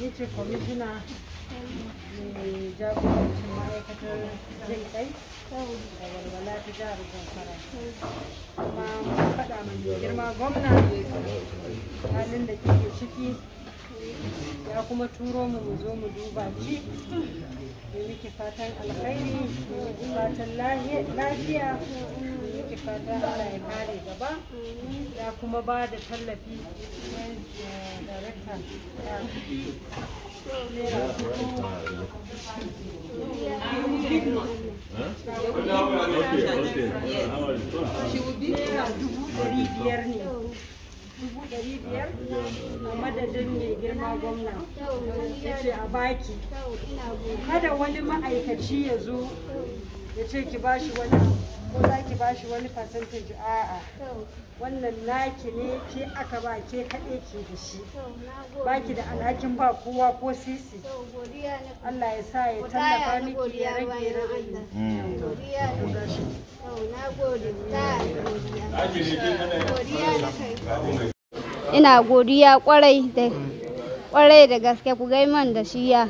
ni ce kwamishina mai jagorancin ma'aikatar jin kai da jihar zamfara kuma faɗa mai girma gwamna halin da kike ciki ya kuma turo mu mu zo mu duba ci yi miki fatan alkhairi fatan lafiya miki fata Allah ya kare gaba ya kuma ba da tallafi eh, da raka dubu ne madadin mai girma gwamna ya ce a baki kada wani ma'aikaci ya zo ya ce ki bashi wani ko za ki ba shi wani percentage a'a wannan naki ne ke aka ba ke kaɗe ke da shi ba ki da alhakin ba kowa ko sisi Allah ya sa ya tallafa miki ya rage rage ina godiya kwarai da kwarai da gaske ku gai man da shi ya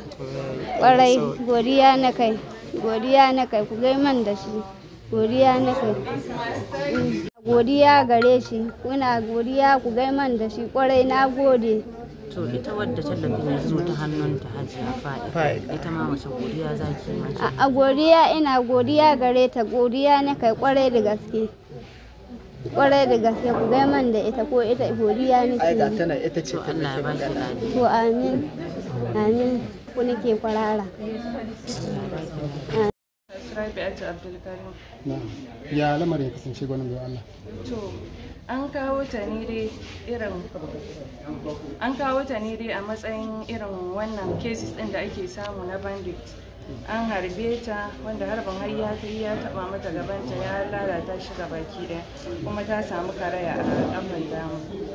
kwarai godiya na kai godiya na kai ku man da shi godiya nake godiya gare shi kuna godiya ku gaiman da shi kwarai na gode to ita wadda tallafin ya zo ta hannun ta hajiya fa'i ita ma wace godiya za ki mata a godiya ina godiya gare ta godiya na kai kwarai da gaske kwarai da gaske ku gaiman da ita ko ita godiya ne ai ga tana ita ce ta Allah ya ba ki to amin amin ku nake kwarara rabi'atu abdulkarim ya lamarin ya kasance gwanin Allah to an kawo ta ne dai irin an kawo ta ne dai a matsayin irin wannan cases din da ake samu na bandit an harbe ta wanda harbin har ya kai ya taba mata gabanta ya lalata shi baki daya kuma ta samu karaya a kafan dama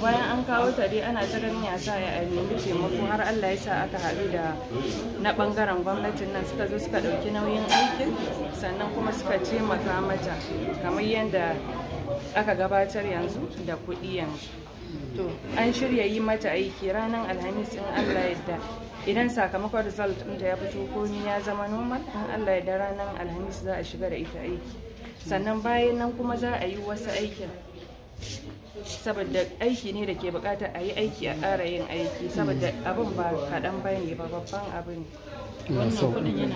bayan an kawo ta dai ana ta ganin ya sa ya nemi taimako har Allah ya sa aka haɗu da na bangaren gwamnatin nan suka zo suka ɗauki nauyin aikin sannan kuma suka taimaka mata kamar yadda aka gabatar yanzu da kuɗi yanzu to an shirya yi mata aiki ranar alhamis in Allah yadda idan sakamakon result ɗinta ya fito komi ya zama normal in Allah da ranar alhamis za a shiga da ita aiki sannan bayan nan kuma za a yi wasu aikin saboda aiki ne da ke bukatar a yi aiki a ƙara yin aiki saboda abin ba kaɗan ba ne ba babban abu ne